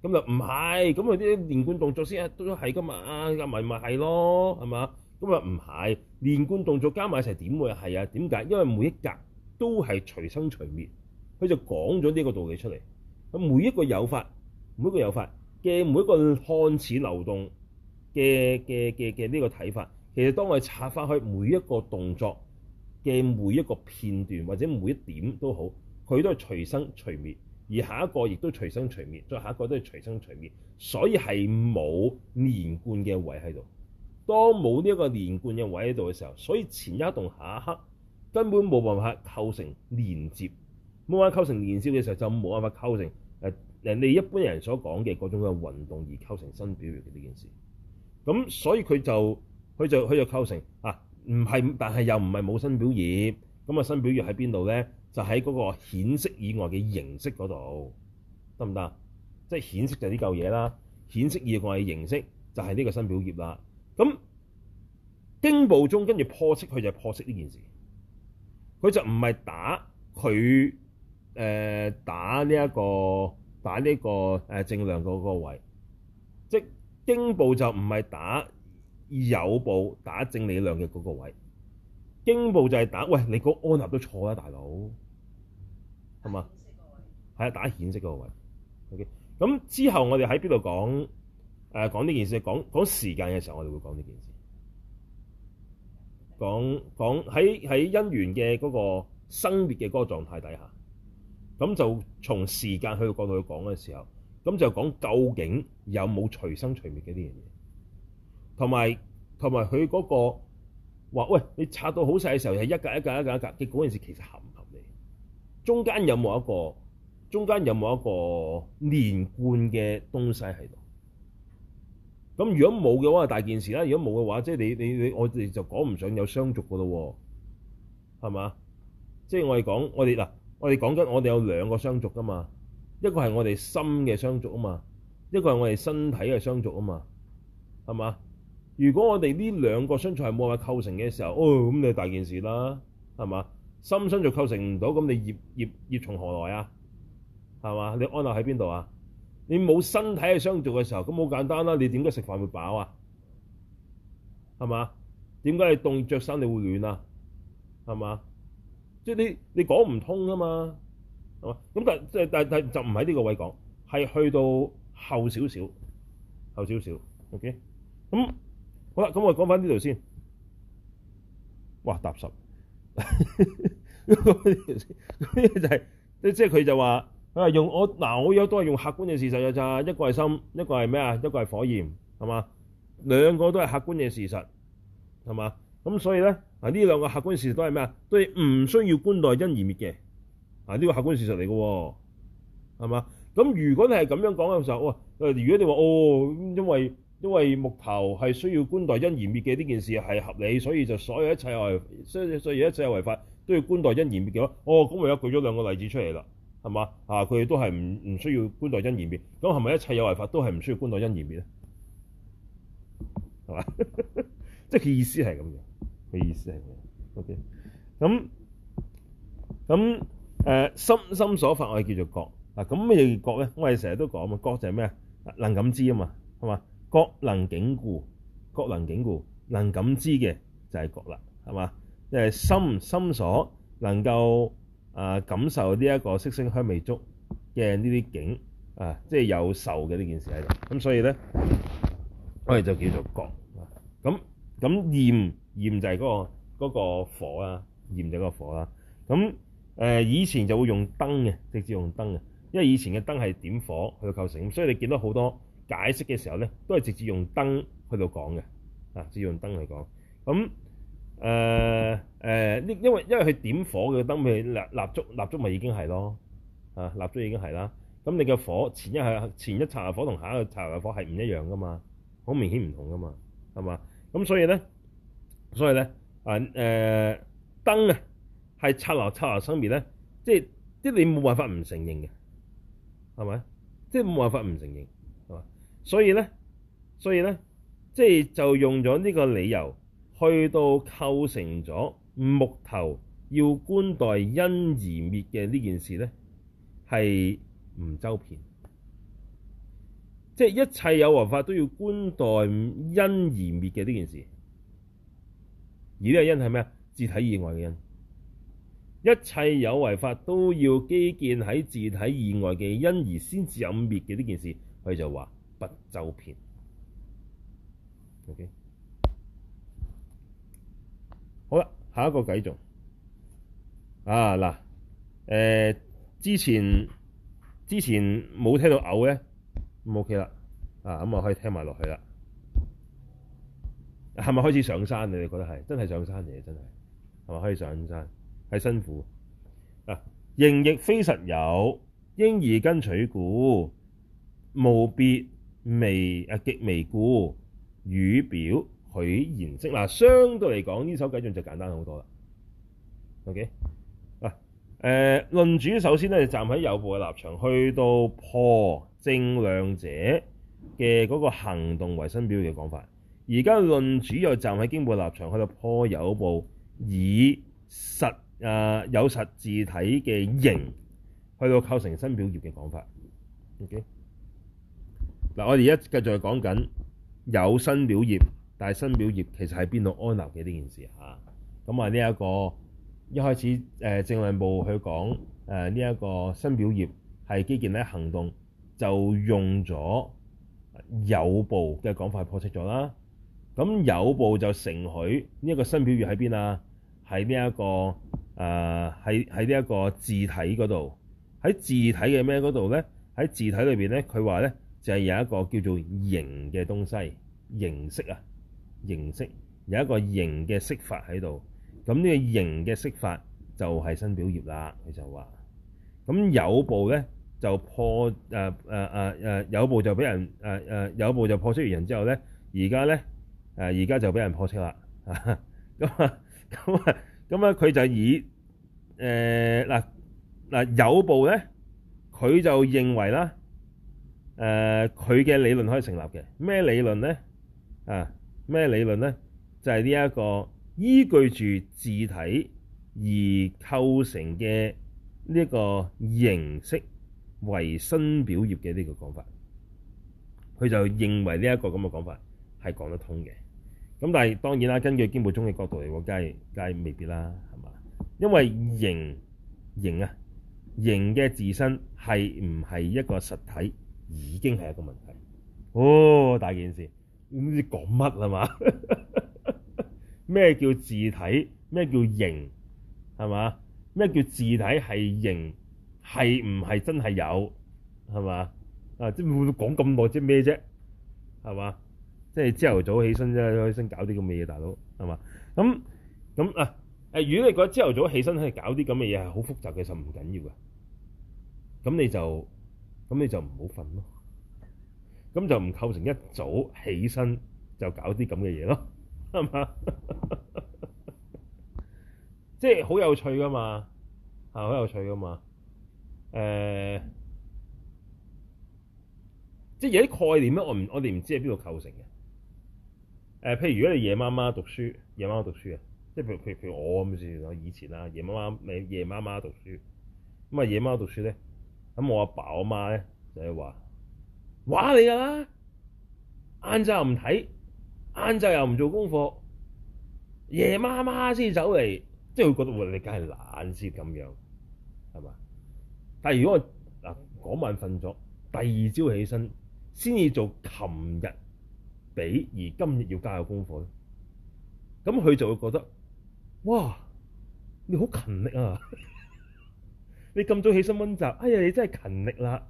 咁就唔係，咁啊啲連貫動作先啊都係噶嘛，夾咪咪係咯，係嘛？咁啊，唔係連貫動作加埋一齊點會啊？係啊，點解？因為每一格都係隨生隨滅，佢就講咗呢個道理出嚟。咁每一個有法，每一個有法嘅每一個看似流動嘅嘅嘅嘅呢個睇法，其實當我哋拆翻去每一個動作嘅每一個片段或者每一點都好，佢都係隨生隨滅，而下一個亦都隨生隨滅，再下一個都係隨生隨滅，所以係冇連貫嘅位喺度。當冇呢一個連貫嘅位喺度嘅時候，所以前一動下一刻根本冇辦法構成連接，冇辦法構成連接嘅時候就冇辦法構成誒人哋一般人所講嘅各種嘅運動而構成身表業嘅呢件事。咁、嗯、所以佢就佢就佢就，就構成啊，唔係，但係又唔係冇身表業。咁、嗯、啊，身表業喺邊度咧？就喺嗰個顯色以外嘅形式嗰度，得唔得？即、就、係、是、顯色就係呢嚿嘢啦，顯色以外嘅形式就係呢個身表業啦。咁經部中跟住破色，佢就破色呢件事。佢就唔係打佢誒、呃、打呢、呢、一個打呢、呢個誒、呃、正量嗰個位，即經部就唔係打有部打正理量嘅嗰個位。經部就係打，喂，你個安納都錯啦，大佬，係嘛？係啊，打顯色嗰個位。O K，咁之後我哋喺邊度講？誒、啊、講呢件事，講講時間嘅時候，我哋會講呢件事。講講喺喺因緣嘅嗰個生滅嘅嗰個狀態底下，咁就從時間去角度去講嘅時候，咁就講究竟有冇隨生隨滅嘅呢樣嘢，同埋同埋佢嗰個話喂，你拆到好細嘅時候，係一,一格一格一格一格。結果件事其實合唔合理？中間有冇一個中間有冇一,一個連貫嘅東西喺度？咁如果冇嘅話，係大件事啦！如果冇嘅話，即係你你你我哋就講唔上有相續噶咯喎，係嘛？即係我哋講，我哋嗱，我哋講緊我哋有兩個相續噶嘛，一個係我哋心嘅相續啊嘛，一個係我哋身體嘅相續啊嘛，係嘛？如果我哋呢兩個相續係冇法構成嘅時候，哦咁你大件事啦，係嘛？心相續構成唔到，咁你業業業從何來啊？係嘛？你安樂喺邊度啊？你冇身體去相對嘅時候，咁好簡單啦。你點解食飯會飽啊？係嘛？點解你凍着衫你會暖啊？係嘛？即係你你講唔通啊嘛？係嘛？咁但係即係但係但就唔喺呢個位講，係去到後少少，後少少。OK，咁好啦，咁我講翻呢度先。哇，踏實。咁 [LAUGHS] 樣就係即係佢就話、是。佢用我嗱，我有都係用客觀嘅事實嘅咋。一個係心，一個係咩啊？一個係火焰，係嘛？兩個都係客觀嘅事實，係嘛？咁所以咧，啊呢兩個客觀事實都係咩啊？都唔需要官待因而滅嘅啊。呢個客觀事實嚟嘅，係嘛？咁如果你係咁樣講嘅時候，哇、哦！如果你話哦，因為因為木頭係需要觀待因而滅嘅呢件事係合理，所以就所有一切有為，所以所以一切有為法都要觀待因而滅嘅話，哦咁，我有舉咗兩個例子出嚟啦。係嘛啊？佢哋都係唔唔需要觀待因而滅。咁係咪一切有為法都係唔需要觀待因而滅咧？係嘛？ [LAUGHS] 即係佢意思係咁樣。佢意思係咁樣。O.K. 咁咁誒心心所法我哋叫做覺啊。咁咩叫覺咧？我哋成日都講嘛，覺就係咩啊？能感知啊嘛，係嘛？覺能境故，覺能境故，能感知嘅就係覺啦，係嘛？誒、即係、心心所能夠。啊，感受呢一個色聲香味觸嘅呢啲景啊，即係有受嘅呢件事喺度。咁、啊、所以咧，我哋就叫做覺。咁咁焰焰就係嗰、嗰個嗰個火啦，焰就係個火啦。咁、啊、誒以前就會用燈嘅，直接用燈嘅，因為以前嘅燈係點火去到構成。咁所以你見到好多解釋嘅時候咧，都係直接用燈去到講嘅，嗱、啊，直接用燈去講。咁、啊嗯誒誒，呢、呃、因為因為佢點火嘅燈佢蠟蠟燭，蠟燭咪已經係咯，啊蠟燭已經係啦。咁、嗯、你嘅火前一係前一剎那嘅火同下一剎那嘅火係唔一樣噶嘛，好明顯唔同噶嘛，係嘛？咁所以咧，所以咧，啊、呃、誒燈啊，係剎那剎那生滅咧，即係即係你冇辦法唔承認嘅，係咪？即係冇辦法唔承認，係嘛？所以咧，所以咧，即係就用咗呢個理由。去到構成咗木頭要觀待因而滅嘅呢件事呢，係唔周遍，即係一切有為法都要觀待因而滅嘅呢件事。而呢個因係咩啊？自體以外嘅因，一切有為法都要基建喺自體以外嘅因而先至有滅嘅呢件事，佢就話不周遍。OK。好啦，下一個偈仲啊，嗱，誒、呃，之前之前冇聽到嘔咧，咁 OK 啦，啊，咁、嗯、我可以聽埋落去啦。係咪開始上山？你哋覺得係？真係上山嘅，真係係咪可以上山？係辛苦。啊，形亦非實有，應二根取故，無別微啊極微故，語表。佢言色嗱，相對嚟講呢首偈頌就簡單好多啦。OK 嗱、啊，誒論主首先咧站喺有部嘅立場，去到破正量者嘅嗰個行動為身表業嘅講法。而家論主又站喺經部立場，去到破有部以實啊有實自體嘅形去到構成身表業嘅講法。OK 嗱、啊，我哋而家繼續講緊有身表業。但係身表業其實喺邊度安立嘅呢件事嚇咁啊？呢、這、一個一開始誒正量部去講誒呢一個身表業係基建咧行動就用咗有部嘅講法破斥咗啦。咁、啊、有部就承許呢一個身表業喺邊啊？喺呢一個誒喺喺呢一個自體嗰度喺自體嘅咩嗰度咧？喺自體裏邊咧，佢話咧就係、是、有一個叫做形嘅東西形色啊。形式有一個形嘅實法喺度，咁呢個形嘅實法就係身表業啦。佢就話，咁有部咧就破誒誒誒誒，有部就俾人誒誒，有部就破斥完人之後咧，而家咧誒而家就俾人破斥啦。咁啊咁啊咁啊，佢就以誒嗱嗱有部咧，佢就認為啦誒，佢嘅理論可以成立嘅咩理論咧啊？咩理論咧？就係呢一個依據住字體而構成嘅呢一個形色為身表業嘅呢個講法，佢就認為呢一個咁嘅講法係講得通嘅。咁但係當然啦，根據經部中嘅角度嚟講，梗係梗係未必啦，係嘛？因為形形啊，形嘅自身係唔係一個實體，已經係一個問題。哦，大件事！你唔知講乜係嘛？咩 [LAUGHS] 叫自體？咩叫形係嘛？咩叫自體係形係唔係真係有係嘛？啊！即係講咁耐，即係咩啫？係嘛？即係朝頭早起身啫，起身搞啲咁嘅嘢，大佬係嘛？咁咁啊！誒，如果你覺得朝頭早起身喺度搞啲咁嘅嘢係好複雜嘅，就唔緊要嘅。咁你就咁你就唔好瞓咯。咁就唔構成一早起身就搞啲咁嘅嘢咯，係 [LAUGHS] 嘛？即係好有趣噶嘛，係、呃、好、就是、有趣噶嘛。誒，即係有啲概念咧，我唔我哋唔知喺邊度構成嘅。誒、呃，譬如如果你夜媽媽讀書，夜媽媽讀書嘅，即係譬如譬如，譬如我咁先咯，以前啦，夜媽媽你夜媽媽讀書，咁啊夜媽媽讀書咧，咁我阿爸阿媽咧就係、是、話。話你噶啦，晏晝又唔睇，晏晝又唔做功課，夜媽媽先走嚟，即係會覺得喂，你梗係懶先咁樣，係嘛？但係如果我嗱嗰晚瞓咗，第二朝起身先至做琴日比而今日要加嘅功課咧，咁佢就會覺得哇，你好勤力啊！ [LAUGHS] 你咁早起身溫習，哎呀，你真係勤力啦！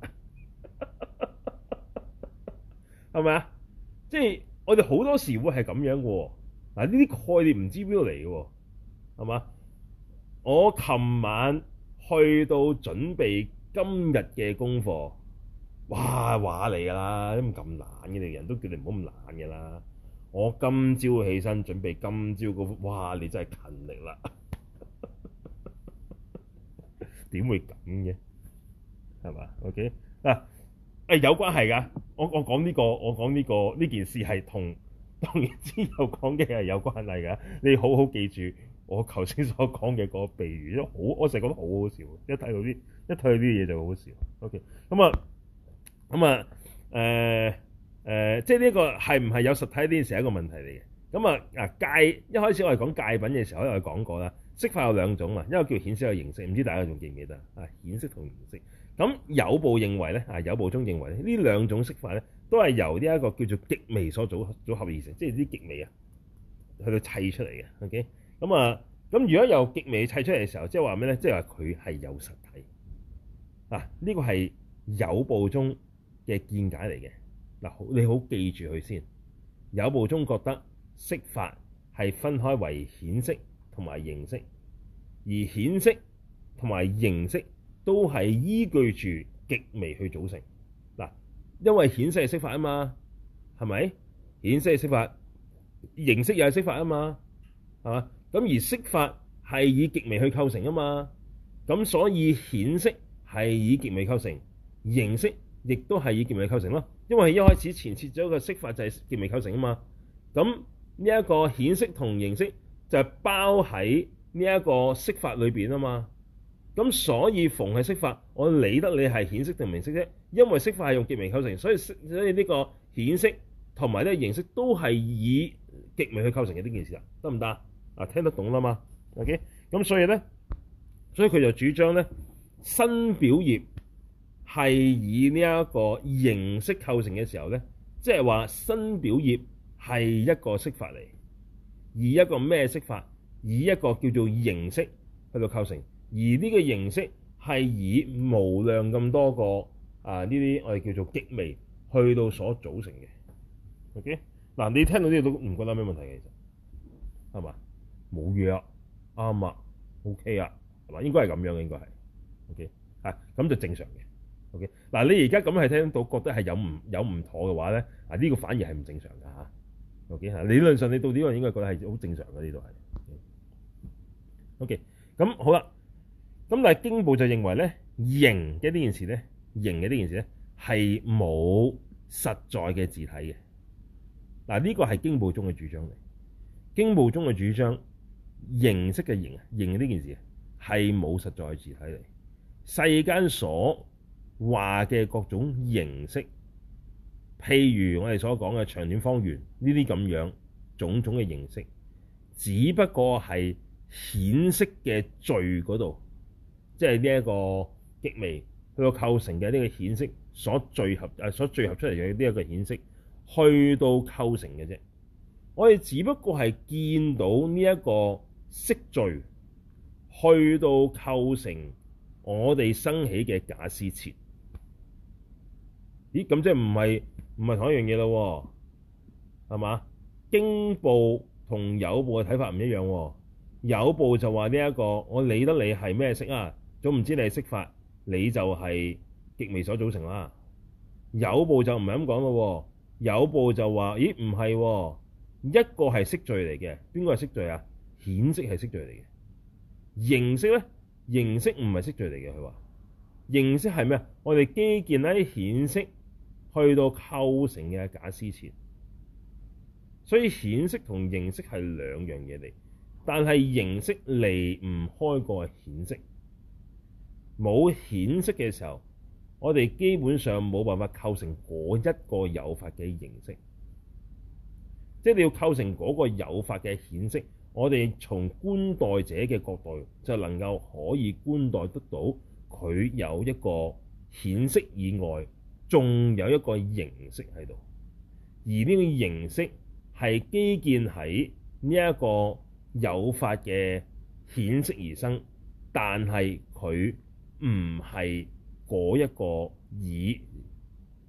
係咪啊？即係我哋好多時會係咁樣嘅，嗱呢啲概念唔知邊度嚟嘅，係嘛？我琴晚去到準備今日嘅功課，哇話你啦，咁懶嘅你人都叫你唔好咁懶嘅啦。我今朝起身準備今朝嘅，哇你真係勤力啦，點 [LAUGHS] 會咁嘅？係嘛？OK 嗱。誒、哎、有關係噶，我我講呢、這個，我講呢、這個呢件事係同然之前講嘅係有關係噶。你好好記住我頭先所講嘅個比喻，因好，我成日覺得好好笑，一睇到啲一睇到啲嘢就好好笑。OK，咁、嗯、啊，咁、嗯、啊，誒、嗯、誒、呃呃，即係呢個係唔係有實體呢件事係一個問題嚟嘅。咁啊，嗱，界一開始我哋講界品嘅時候，我有講過啦。色法有兩種啊，一個叫顯色嘅形色，唔知大家仲記唔記得啊？顯色同形色。咁有部認為咧，啊有部中認為咧，呢兩種色法咧，都係由呢一個叫做極微所組組合而成，即係啲極微啊，佢哋砌出嚟嘅。OK，咁啊，咁如果由極微砌出嚟嘅時候，即係話咩咧？即係話佢係有實體啊。呢、這個係有部中嘅見解嚟嘅。嗱，你好記住佢先。有部中覺得色法係分開為顯色同埋形色，而顯色同埋形色，都係依據住極微去組成。嗱，因為顯色係色法啊嘛，係咪？顯色係色法，形色又係色法啊嘛，係嘛？咁而色法係以極微去構成啊嘛，咁所以顯色係以極微構成，形色亦都係以極微構成咯。因為一開始前設咗個色法就係極微構成啊嘛，咁呢一個顯色同形色就係包喺呢一個色法裏邊啊嘛。咁所以逢係釋法，我理得你係顯色定明色啫。因為釋法係用極微構成，所以所以呢個顯色同埋呢形式都係以極微去構成嘅呢件事啊，得唔得啊？啊，聽得懂啦嘛？OK，咁所以呢，所以佢就主張呢，新表業係以呢一個形式構成嘅時候呢，即係話新表業係一個釋法嚟，以一個咩釋法？以一個叫做形式去到構成。而呢個形式係以無量咁多個啊，呢啲我哋叫做極微去到所組成嘅。OK 嗱，你聽到呢度都唔覺得咩問題嘅，其實係嘛，冇嘢啊，啱啊，OK 啊，係嘛，應該係咁樣嘅，應該係 OK 嚇咁就正常嘅。OK 嗱，你而家咁係聽到覺得係有唔有唔妥嘅話咧，嗱、啊、呢、呢個反而係唔正常㗎嚇、啊。OK 係、啊、理論上你到底我應該覺得係好正常嘅呢度係 OK 咁好啦。咁但係經部就認為咧，形嘅呢件事咧，形嘅呢件事咧係冇實在嘅自體嘅。嗱，呢個係經部中嘅主張嚟。經部中嘅主張，形色嘅形啊，形嘅呢件事啊係冇實在嘅自體嚟。世間所話嘅各種形色，譬如我哋所講嘅長短、方圓呢啲咁樣，種種嘅形色，只不過係顯色嘅聚嗰度。即係呢一個極微，佢個構成嘅呢個顯色，所聚合誒，所聚合出嚟嘅呢一個顯色，去到構成嘅啫。我哋只不過係見到呢一個色聚，去到構成我哋生起嘅假思設。咦？咁即係唔係唔係同樣、哦、一樣嘢、哦、咯？係嘛？經部同有部嘅睇法唔一樣。有部就話呢一個，我理得你係咩色啊？總唔知你係色法，你就係極微所組成啦。有部就唔係咁講咯，有部就話：咦，唔係、啊、一個係色聚嚟嘅，邊個係色聚啊？顯色係色聚嚟嘅，形色咧，形色唔係色聚嚟嘅。佢話形色係咩啊？我哋基建喺顯色去到構成嘅假施設，所以顯色同形色係兩樣嘢嚟，但係形色離唔開個顯色。冇顯色嘅時候，我哋基本上冇辦法構成嗰一個有法嘅形式。即係你要構成嗰個有法嘅顯色，我哋從觀待者嘅角度，就能夠可以觀待得到佢有一個顯色以外，仲有一個形式喺度。而呢個形式係基建喺呢一個有法嘅顯色而生，但係佢，唔係嗰一個以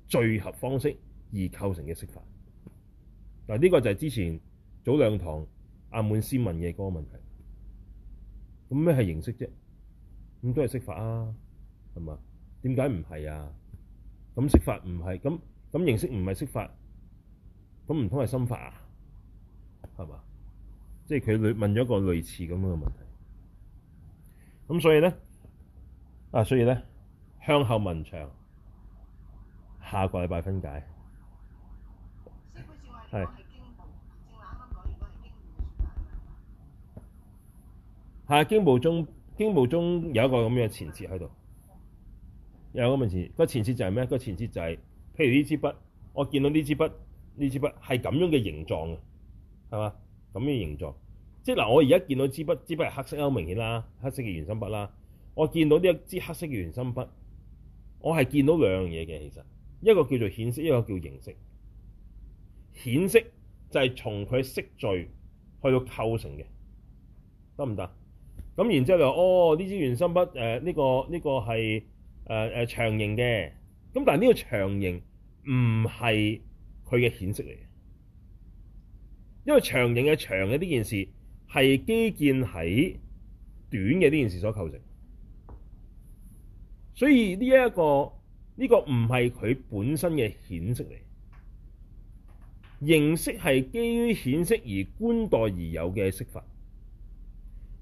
聚合方式而構成嘅色法，嗱，呢個就係之前早兩堂阿滿斯問嘅嗰個問題。咁咩係形色啫？咁都係色法啊，係嘛？點解唔係啊？咁色法唔係，咁咁形色唔係色法，咁唔通係心法啊？係嘛？即係佢類問咗一個類似咁嘅問題。咁所以咧。嗱、啊，所以咧，向後文長，下個禮拜分解。係係經部中經部中，有一個咁嘅前設喺度。有個前設，前設就係咩？個前設就係、是，譬如呢支筆，我見到呢支筆，呢支筆係咁樣嘅形狀嘅，係嘛？咁樣形狀，即係嗱，我而家見到支筆，支筆係黑色啦，好明顯啦，黑色嘅原子筆啦。我見到呢一支黑色嘅圓心筆，我係見到兩樣嘢嘅。其實一個叫做顯色，一個叫形色。顯色就係從佢色序去到構成嘅，得唔得？咁然之後就哦，呢支圓心筆誒，呢、呃這個呢、這個係誒誒長形嘅。咁但係呢個長形唔係佢嘅顯色嚟嘅，因為長形嘅長嘅呢件事係基建喺短嘅呢件事所構成。所以呢一、這個呢、這個唔係佢本身嘅顯色嚟，形色係基於顯色而觀待而有嘅色法，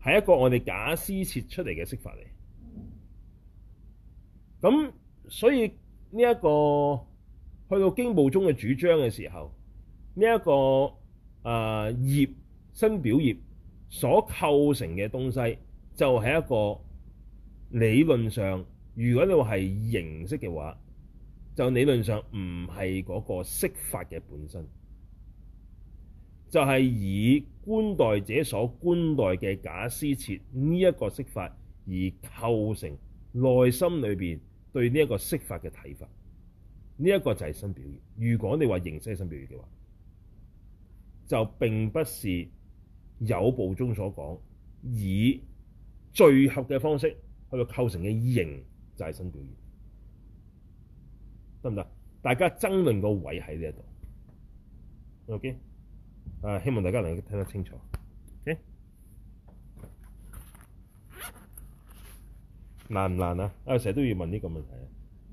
係一個我哋假思設出嚟嘅色法嚟。咁所以呢一、這個去到經部中嘅主張嘅時候，呢、這、一個啊、呃、業身表業所構成嘅東西，就係、是、一個理論上。如果你話係形式嘅話，就理論上唔係嗰個釋法嘅本身，就係、是、以觀待者所觀待嘅假思設呢一個釋法而構成內心裏邊對呢一個釋法嘅睇法。呢、這、一個就係身表現。如果你話形式係身表現嘅話，就並不是有部中所講以聚合嘅方式去到構成嘅形。再生表現得唔得？大家爭論個位喺呢一度。OK，啊，希望大家能夠聽得清楚。OK，難唔難啊？啊，成日都要問呢個問題，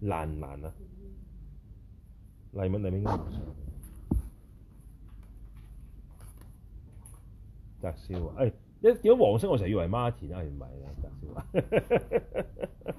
難唔難啊？黎、嗯、文你應該唔錯。澤少華啊，誒，一、哎、見到黃色我成日以為馬田啊，原來唔係啊，澤少華啊。 [LAUGHS]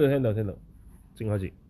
聽到聽到聽到，真高興。